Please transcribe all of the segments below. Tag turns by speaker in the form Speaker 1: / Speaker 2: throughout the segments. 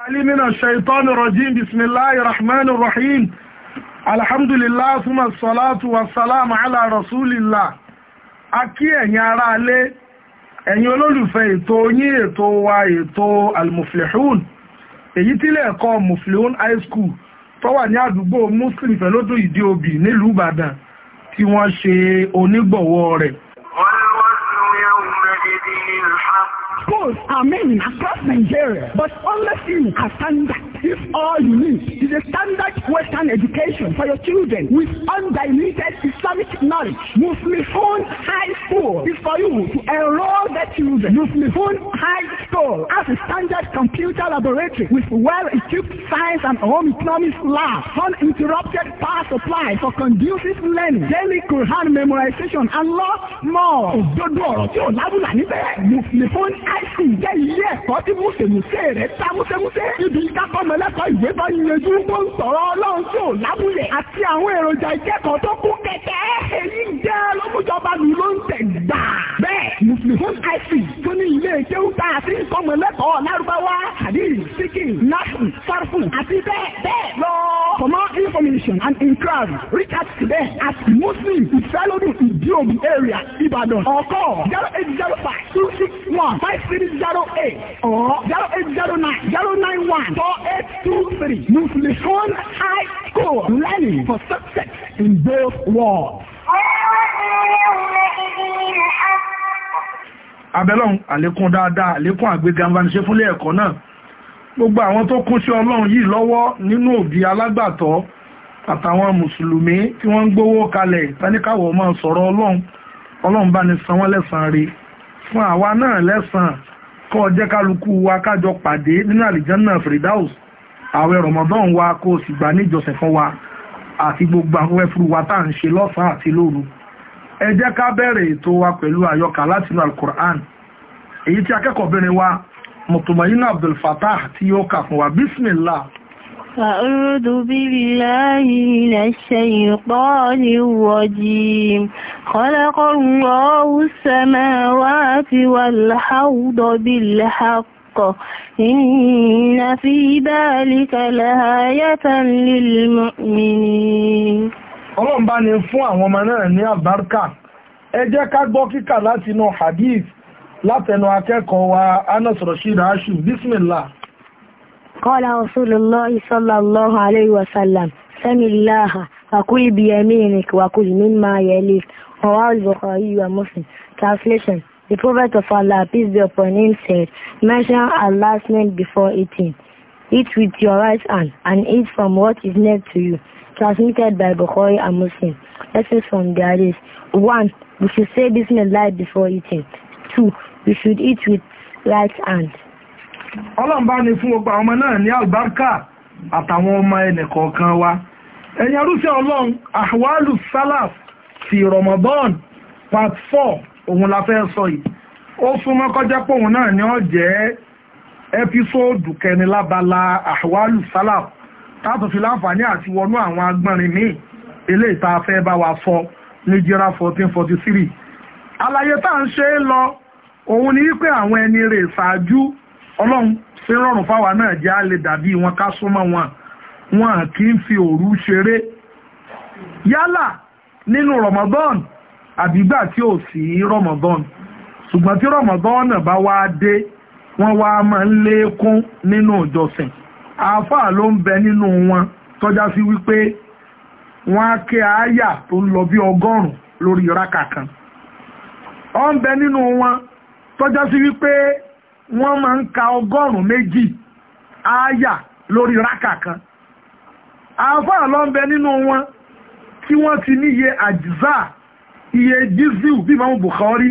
Speaker 1: علي من الشيطان الرجيم بسم الله الرحمن الرحيم الحمد لله ثم الصلاة والسلام على رسول الله akí ẹ̀yin ará alẹ́ ẹ̀yin olólùfẹ́ ètò yín ètò wa ètò almuflihun èyí tílẹ̀ ẹ̀kọ́ muflihun high school tó wà ní àdúgbò muslim pẹ̀lódò ìdí òbí nílùú ìbàdàn tí wọ́n ṣe onígbọ̀wọ́ rẹ̀. wọ́n
Speaker 2: Both are men across Nigeria, but only few are standing. If all you need is a standard Western education for your children with undiluted Islamic knowledge, Muslimhun High School is for you to enroll their children. Muslimhun High School has a standard computer laboratory with well-equipped science and home economics labs, uninterrupted power supply for conducive learning, daily Quran memorization, and lots more. Òdodo ọ̀rọ̀ tí ò lábùlà níbẹ̀. Muslimhun High School jẹ́ ilé ẹ̀kọ́ tí Mùsèmùsè rẹ̀ ta Mùsèmùsè. Ibi ìdákọ́ni ọlọ́mọlẹ́kọ̀ọ́ ìwé bá yanjú tó ń sọ̀rọ̀ ọlọ́run tí ò lábúlẹ̀ àti àwọn èròjà ìkẹ́kọ̀ọ́ tó kún kẹ̀kẹ́. èyí jẹ́ lókùjọba mi ló ń tẹ̀ gbà. bẹ́ẹ̀ muslim ic tó ní ilé kéwúta àti ìkọ́mọlẹ́kọ̀ọ́ lárúbáwá àdìrí síkì náà farfun àti bẹ́ẹ̀ bẹ́ẹ̀ lọ. kọ̀mọ́ information and inquiry, reach out to them at Muslim Ifeolodun Idiobi area, Ibadan, or call zero zero eight five five two six one 0805 261 5308 or eight two three. Muslim High School, learning for success in both worlds.
Speaker 1: Abẹ́lọ́run àlékún dáadáa, àlékún àgbéga ń bá ní ṣe fúnlé ẹ̀kọ́ náà gbogbo àwọn tó kún sí ọlọ́run yìí lọ́wọ́ nínú òbí alágbàtọ́ àtàwọn mùsùlùmí tí wọ́n ń gbówó kalẹ̀ táníkàwọ̀ máa sọ̀rọ̀ ọlọ́run ọlọ́run bá ní san wọ́n lẹ́sàn-án rẹ̀ fún àwa náà lẹ́sàn-án kọ́ jẹ́ kálukú wa kájọ pàdé nínú àlìjánná Firdaus àwẹ̀ Ramadan wa kó o sì gbà níjọsìn fún wa àti gbogbo afẹ́fẹ́ fúru wa tá à ń ṣe lọ́sàn àti lóru ẹ jẹ́ ká bẹ̀rẹ̀ ètò wa pẹ̀lú àyọkà látinú Al-Qur'an èyí tí akẹ́kọ̀ọ́bìnrin wa mùtùmọ̀yínà abdulfatah tí yóò kà fún wa bismillah
Speaker 2: أعوذ بالله من الشيطان الرجيم خلق الله السماوات والحوض بالحق الحق إن في ذلك لآية للمؤمنين
Speaker 1: Ọlọ́run bá ní fún àwọn ọmọ náà ní àbárkà. Ẹ jẹ́ ká gbọ́ kíkà látinú hadith látẹnu akẹ́kọ̀ọ́ wa Anas Rashid Ashim bismillah قال رسول الله صلى الله عليه وسلم سم الله وكل بيمينك وكل مما يليك رواه البخاري ومسلم Translation
Speaker 2: The Prophet of Allah, peace be upon him, said, Mention Allah's name before eating. Eat with your right hand and eat from what is next to you. Transmitted by Bukhari
Speaker 1: and Muslim. Lessons from the Hadith. One, We should say Bismillah before eating. Two you should eat with right hand. ọlọ́run bá ní fún gbogbo àwọn ọmọ náà ní àlùbáríkà àtàwọn ọmọ ẹnìkọ̀ọ̀kan wa ẹ̀yin arúfẹ́ ọlọ́run ahwalu salaf ti Ramadan part four òun la fẹ́ sọ yìí ó súnmọ́ kọjá pé òun náà ni ó jẹ́ ẹ́písòòdù kẹni lábala ahwalu salaf táàtò fi láǹfààní àti wọnú àwọn agbọ́nrin míì eléyìí tá fẹ́ bá wa sọ ní jira fourteen forty three àlàyé tá ń ṣe é lọ òun ni wípé àwọn ẹni rẹ̀ ṣáájú ọlọ́run sí rọrùn fáwa náà jẹ́ á lè dàbí wọn ká súnmọ́ wọn wọn kì í fi òru ṣeré yálà nínú Ramadan àbígbà tí ò sí Ramadan ṣùgbọ́n tí Ramadan bá wá dé wọ́n wá máa ń lékún nínú ìjọsìn àáfàá ló ń bẹ nínú wọn tọ́já sí wípé wọ́n á ké àáyà tó ń lọ bí ọgọ́rùn-ún lórí rákà kan ó ń bẹ nínú wọn tọ́já sí wípé wọ́n máa ń ka ọgọ́rùn-ún méjì ááyà lórí rákà kan àáfàá ló ń bẹ nínú wọn tí wọ́n ti níye àjíṣà iye jísù bí Ìmáàmù Bukhari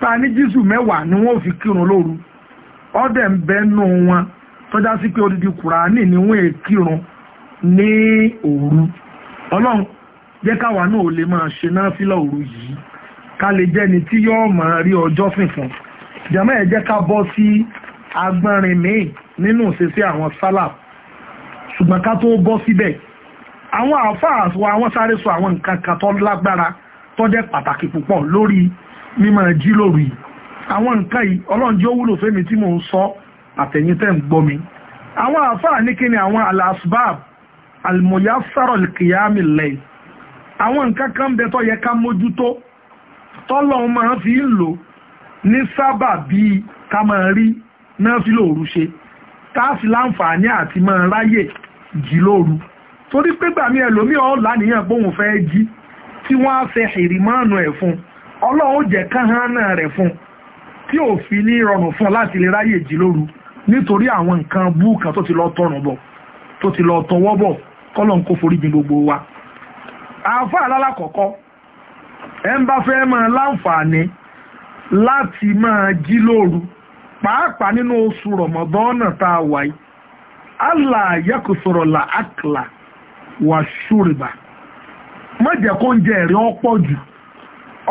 Speaker 1: ta ní jísù mẹ́wàá ni wọ́n fi kírun lóru ọ̀dẹ̀ ń bẹ nínú wọn tọ́já sí pé odidi kùránì ni wọ́n è kírun ní òru ọlọ́run jẹ́ káwa náà ò lè máa ṣe náà fílà òru yìí ká lè jẹ́ni tí yóò máa rí ọjọ́ fìfún jàmọ́ ẹ jẹ́ ká bọ́ sí agbọ́nrin míì nínú ìṣesí àwọn sálàf ṣùgbọ́n ká tó bọ́ síbẹ̀ àwọn àáfàá sọ àwọn sáré sọ àwọn nǹkan kan tó lágbára tó jẹ́ pàtàkì púpọ̀ lórí mímọ̀ jí lórí àwọn nǹkan yìí ọlọ́run jẹ́ ó wúlò tí mò ń sọ àtẹ̀yìn tẹ́ ń gbọ́ mi àwọn àáfàá ní kí ni àwọn alasbab almuyassaro alkiyami lẹ́yìn àwọn nǹkan kan bẹ tó yẹ ká mójútó tọ́lọ́run máa fi ń lò ní sábà bíi ká máa rí náà fi lóòru ṣe láǹfààní àti máa ráyè jí torí pé gbàmí ẹlòmíì ọ̀la nìyẹn bóun fẹ́ jí tí wọ́n á fẹ́ ìrìmọ́ọ̀nù ẹ̀ fún ọlọ́run jẹ́ rẹ̀ fún tí ò fi ní rọrùn fún láti lè ráyè jí nítorí àwọn nǹkan búùkà tó ti lọ tọrùn bọ̀ tó ti lọ tọwọ́ bọ̀ kọ́lọ́n kó forí gbogbo wa àáfàá alálàkọ̀kọ́ ẹ ń bá fẹ́ máa láǹfààní láti máa jí lóru pàápàá nínú oṣù rọ̀mọ̀dọ́nà tá a wà yìí la akla wa ṣùrìbà má ń jẹ ẹ̀rí ọ̀pọ̀ jù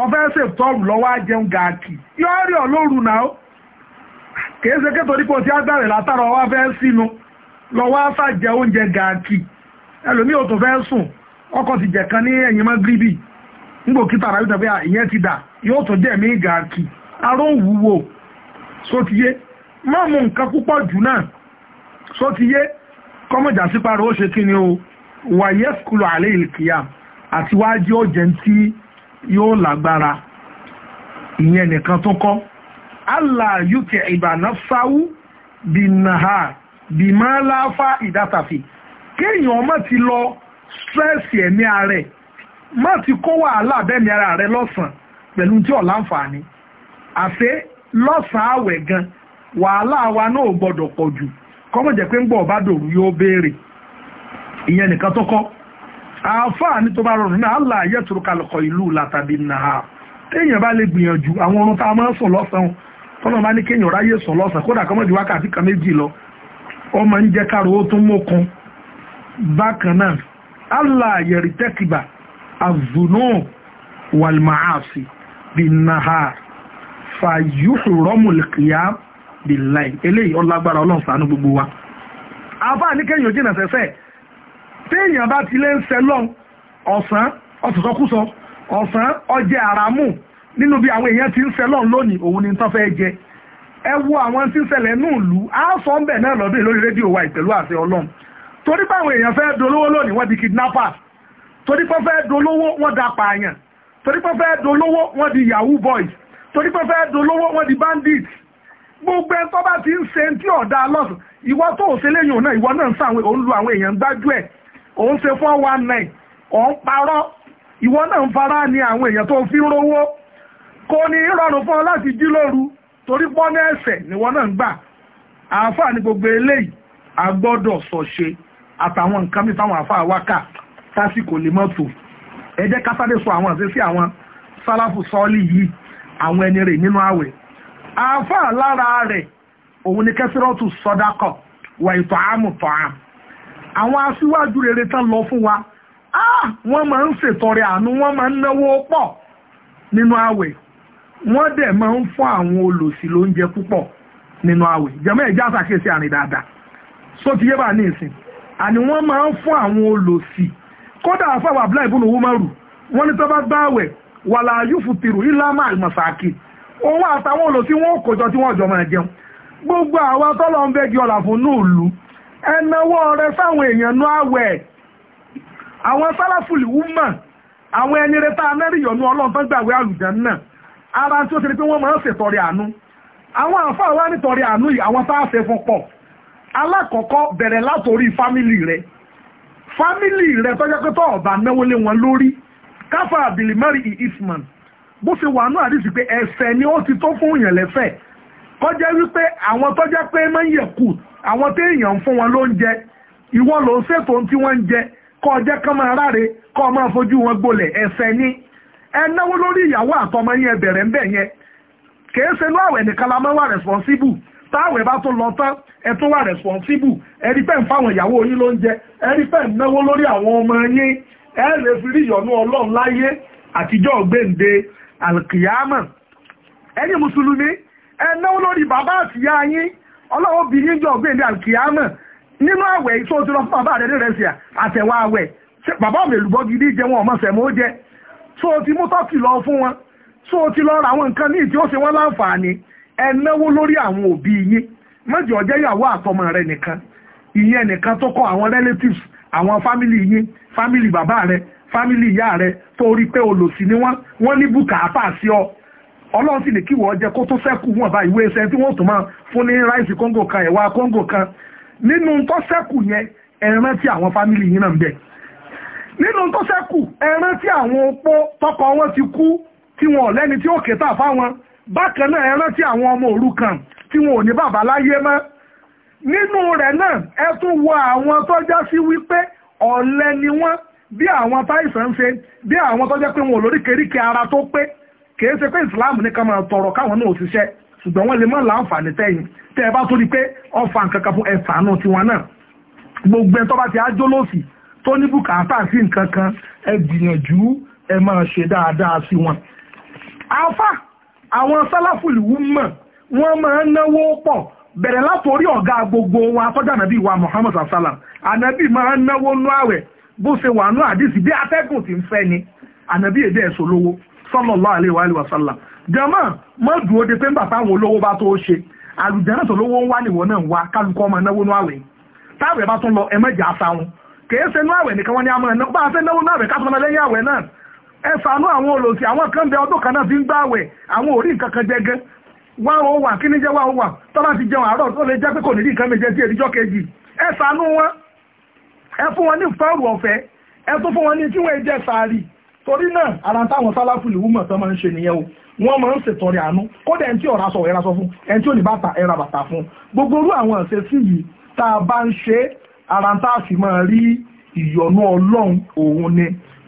Speaker 1: ọ̀fẹ́ ṣètọ́rù lọ́wọ́ ajẹun gàkì yọ rí ọ lóru náà kìí ṣe kí o ti látara fẹ́ sínú lọ́wọ́ oúnjẹ ò tó fẹ́ ní ẹ̀yìn mọ́ yóò ti dà yóò tó dẹ̀mí ìgàkì aró ń wúwo sótiyé má mú nǹkan púpọ̀ jù náà sótiyé kọ́mọ̀jà síparò ó ṣe kí ni o wàyẹ́ skulu àlẹ́ ìkìyà àti wájú ọ̀jẹ̀ tí yóò lágbára ìyẹn nìkan tó kọ́ allah yúkẹ ìbànà sáwú bí nàá bí máa láfá ìdátàfì kéèyàn ọmọ ti lọ stress ẹ̀mí ara rẹ̀ má ti kó wàhálà bẹ́ẹ̀ni ara rẹ̀ lọ́sàn-án pẹ̀lú tí ọ̀la ń fàáni àṣé lọ́sàn-án àwẹ̀ gan wàhálà wa náà gbọ́dọ̀ pọ̀ jù kọ́mọ̀ jẹ́ pé ń gbọ́ ọ̀bá yóò béèrè ìyẹn nìkan tó àáfàá ní tó bá rọrùn náà àlà ayé turuka lọkọ ìlú látàbí nàá téèyàn bá lè gbìyànjú àwọn orun tá a máa ń sùn lọ́sàn tọ́nà bá ní kéèyàn ráyè sùn lọ́sàn kódà kọ́mọ̀ wákàtí kan méjì lọ ọmọ ń jẹ́ ó tún mókun bákan náà ayẹ̀rìtẹ́kìbà binahar fàyúhù rọ́mùlìkìyà bìláì eléyìí ọlágbára ọlọ́run ṣàánú gbogbo wa afá ní kẹ́yìn ojú ìnà sẹ́sẹ́ téèyàn bá ti lé ń sẹ lọ́n ọ̀sán ọ̀sọ̀sọ́kúsọ ọ̀sán ọjẹ́ àràmù nínú bí àwọn èèyàn ti ń sẹ lọ́n lónìí òun ni tán fẹ́ jẹ ẹ wo àwọn tí ń ṣẹlẹ̀ nù lù á sọ ń bẹ̀ náà lọ́dún lórí rédíò wa ìpẹ̀lú àṣẹ ọlọ́run torí pé àwọn èèyàn fẹ́ dolówó lónìí wọ́n di kidnappers torí pé fẹ́ dolówó wọ́n da pààyàn pé fẹ́ dolówó wọ́n di yahoo boys pé fẹ́ dolówó wọ́n di bandits gbogbo ẹ̀ bá ti ń se tí ọ̀dà lọ́sùn iwọ tó ò se lẹ́yìn òun náà ìwọ náà ń sá òun lu àwọn èèyàn gbájú ẹ̀ òun se four one nine òun parọ́ náà ń fara àwọn èèyàn tó fi ń rówó rọrùn fún ọ láti jí torí ẹ̀sẹ̀ náà gbà àáfà ẹ jẹ́ ká sáré sọ àwọn àṣẹ sí àwọn sálàfù sọ́ọ̀lì yìí àwọn ẹni rẹ̀ nínú àwẹ̀ àáfàá lára rẹ̀ òun ni kẹsìrọ́ọ̀tù sọ́dákọ̀ wà ìtọ̀ àmù tọ̀ àm àwọn aṣíwájú rere tán lọ fún wa wọ́n máa ń ṣètọrẹ àánú wọ́n máa ń náwó pọ̀ nínú àwẹ̀ wọ́n dẹ̀ máa ń fún àwọn olòṣì lóúnjẹ púpọ̀ nínú àwẹ̀ jẹ́mọ́ ẹ̀já àṣàkíyèsí àrìn dáadáa só ti yé bá ní ìsìn àní wọ́n máa ń fún àwọn olòṣì kódà àfàwà abúlé ìbùnú wúmọ́rù wọ́n ní wà láàyò fùtìrù ìlàmà òun àtàwọn olùsí wọn kò jọ tí wọ́n jọ máa jẹun gbogbo àwa tọ́lọ̀ ń bẹ́ di ọ̀là fún núùlù ẹnáwó rẹ sáwọn èèyàn nú àwẹ̀ àwọn sáláfùlì àwọn ẹni rẹ tá a ọlọ́run tó ń gbàwé náà ara tí ó ti rí pé wọ́n máa ń ṣètọrẹ àánú àwọn àǹfààní wa àánú yìí àwọn tá a ṣe fún pọ̀ alákọ̀ọ́kọ́ bẹ̀rẹ̀ látòrí fámìlì famili rẹ tọ́jọ́ pé tọ́ ọ̀bà náwó lé wọn lórí káfà àbìlì mary e eastman bó ṣe wà náà àdìsí ni ó ti tó fún yẹn lẹ́fẹ̀ kọjá wípé àwọn tọ́jọ́ pé máa ń yẹ kù àwọn téèyàn ń fún wọn lóúnjẹ ìwọ ló ń ṣètò ohun tí wọ́n ń jẹ kọ́ ọjẹ́ kán máa ráre kọ́ ọ máa fojú wọn gbolẹ̀ ni ẹ náwó lórí ìyàwó àtọmọ yẹn bẹ̀rẹ̀ ń bẹ̀ yẹn kèé la máa wà responsible táwẹ̀ bá tó lọ tán ẹ tó wà responsible ẹ̀rí pẹ́ ń fáwọn ìyàwó yín lóúnjẹ ẹ̀rí pẹ́ ń náwó lórí àwọn ọmọ yín ẹ lè fi rí ìyọ̀nú ọlọ́run láyé àtijọ́ gbèǹde alkiyama ẹ̀yin mùsùlùmí ẹ náwó lórí bàbá àtìyá yín ọlọ́run bí yín jọ gbèǹde alkiyama nínú àwẹ̀ tó ti lọ fún bàbá rẹ̀ ní rẹ̀ sí àtẹ̀wà àwẹ̀ bàbá mi lùbọ́ gidi jẹ wọn ọmọ sẹ̀mọ́ jẹ tó ti mú tọ́kì lọ fún wọn tó ti lọ ra àwọn nǹkan ní ìtí ó ṣe wọ́n láǹfààní ẹ náwó lórí àwọn òbí yín mọ́jọ ọjọ́ ìyàwó àtọmọ rẹ nìkan ìyẹn nìkan tó kọ àwọn relatives àwọn fámìlì yín fámìlì bàbá rẹ fámìlì ìyá rẹ tó rí pé olòṣì ni wọ́n wọ́n ní bùkátà sí ọ ọlọ́run sì ní kí wọ́n jẹ kó tó sẹ́kù wọn bá ìwé ẹsẹ̀ tí wọ́n tún máa fún ní ráìsì kóńgò kan ẹ̀wà kóńgò kan nínú tó sẹ́kù yẹn ẹ rántí àwọn fámìlì yín náà ń bẹ nínú tó sẹ́kù ẹ rántí àwọn opó tọkọ wọn ti kú tí wọn ò tí ó kẹta fáwọn bákan náà ẹ rántí àwọn ọmọ òrukàn tí wọn ò ní bàbá láyé mọ́ nínú rẹ̀ náà ẹ tún wo àwọn tó já sí wípé ọ̀lẹ ni wọ́n bí àwọn táìsàn ń ṣe bí àwọn tó jẹ́ pé wọn ò lóríkèéríkè ara tó pé kìí ṣe pé Islam nìkan máa tọrọ káwọn náà ò ṣiṣẹ́ ṣùgbọ́n wọ́n lè mọ́ láǹfààní tẹ́yìn tẹ́ ẹ bá tó di pé ọfà nǹkankan fún ẹ̀fà náà tiwọn náà gbogbo ẹ̀ tó bá ti ájó lòsì tó ní bùkátà sí nǹkan ẹ gbìyànjú ẹ máa ṣe dáadáa sí wọn. àáfàá àwọn sálàfùlù mọ̀ wọ́n máa ń náwó pọ̀ bẹ̀rẹ̀ látòrí ọ̀gá gbogbo wọn afọ́jà nàbí wa Muhammad sallam ànàbí máa ń náwó nú àwẹ̀ bó ṣe wà nú àdìsí bí atẹ́gùn ti ń fẹ́ ni ànàbí èdè ẹ̀sọ́ lówó sallallahu alaihi wa sallam jama mọ́ dúró de pé ń bàbá àwọn olówó bá tó ṣe àlùjànnà tó lówó ń wá nìwọ náà ń wá kálukọ́ máa náwó nú àwẹ̀ táwẹ̀ bá tún ẹ ṣàánú àwọn olòṣì àwọn kan bẹ ọdún kan náà fi ń gbààwẹ̀ àwọn orí nǹkan kan jẹgẹ wá ó wà kí ní jẹ́ wá ó wà tọ́lá ti jẹun àárọ̀ tó lè jẹ́ pé kò ní rí nǹkan méje sí èdíjọ́ kejì ẹ ṣàánú wọn ẹ fún wọn ní fẹ́rù ọ̀fẹ́ ẹ tún fún wọn ní tí wọ́n jẹ́ sàárì torí náà ara táwọn sáláfùlì wúmọ̀ tó máa ń ṣe nìyẹn o wọ́n máa ń ṣètọrẹ àánú kódà ẹni tí ọ̀rá sọ ẹ̀ra sọ fún ẹni tí ò ní bàtà ẹ̀ra bàtà fún gbogbo orú àwọn ọ̀sẹ̀ sí yìí tá a bá ń ṣe ara tá máa rí ìyọ́nú ọlọ́run òun ni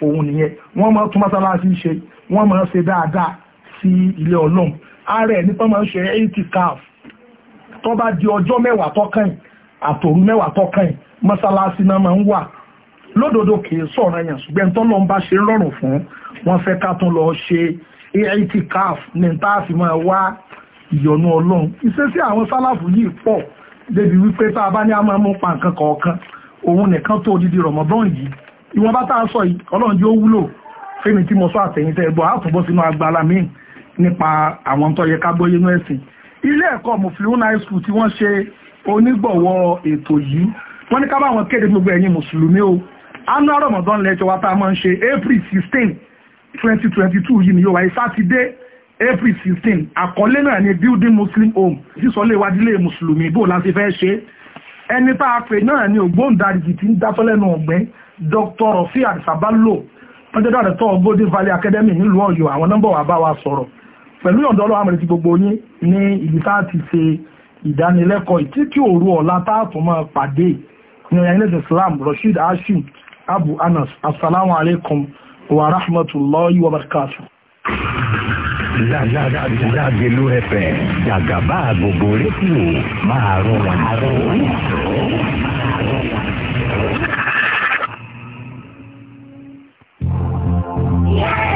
Speaker 1: òun nìyẹn wọ́n máa tún mọ́sálásí ṣe wọ́n máa ṣe dáadáa sí ilé ọlọ́run ààrẹ nípa máa ń ṣe itikaf tó bá di ọjọ́ mẹ́wàá tọ́kàn àtòru mẹ́wàá tọ́kàn mọ́sálásí náà máa ń wà lódodo kìí sọ̀rọ̀ yẹn ṣùgbọ́n tó lọ́n bá ṣe rọrùn fún wọn fẹ́ ká tún lọ ṣe itikaf ní tá a fi máa wá ìyọnu ọlọ́run ìṣesí àwọn sálàfù yìí pọ̀ débi wípé tá a bá ní a máa mú pa nǹkan kọ̀ọ̀kan òun nìkan tó odidi rọ̀mọ́dán yìí ìwọ̀n bá tàà sọ yìí ọlọ́run jẹ́ ó wúlò fẹ́mi tí mo sọ àtẹ̀yìntẹ́ ẹ̀gbọ́ àtúbọ̀ sínú agbára míì nípa àwọn tó yẹ ká gbọ́yé inú ẹ̀sìn ilé ẹ̀kọ́ mufilun high school tí wọ́n ṣe onígbọ̀wọ́ ètò yìí wọ́n ní ká kéde gbogbo ẹ̀yin mùsùlùmí o anú àrọ̀mọ̀dán lẹ́jọ́ wa tá a máa ń ṣe april sixteen twenty twenty two yìí ni yóò wáyé sátidé april sixteen àkọlé ni building muslim home sísọlé ìwádìílé mùsùlùmí bó la ti fẹ́ ṣe ẹni tá a pè Dr. Rafi Sabalo pẹ́jọ́dọ̀ àdẹ́tọ́ Golden Valley Academy nílùú Ọ̀yọ́ àwọn nọ́mbà wà bá wa sọ̀rọ̀ pẹ̀lú ìyọ̀ǹda Ọlọ́run àmì ti gbogbo yín ní ibi tá a ti ṣe ìdánilẹ́kọ̀ọ́ ìtítí òru ọ̀la táàtù máa pàdé ní ọ̀yà ilẹ̀ Islam Rashid Hashim Abu Anas assalamu alaikum wa rahmatullahi wa barakatuh
Speaker 2: Zagelu ẹ̀fẹ̀, jàgàbá gbogbo rédíò máa rọrùn. Yeah!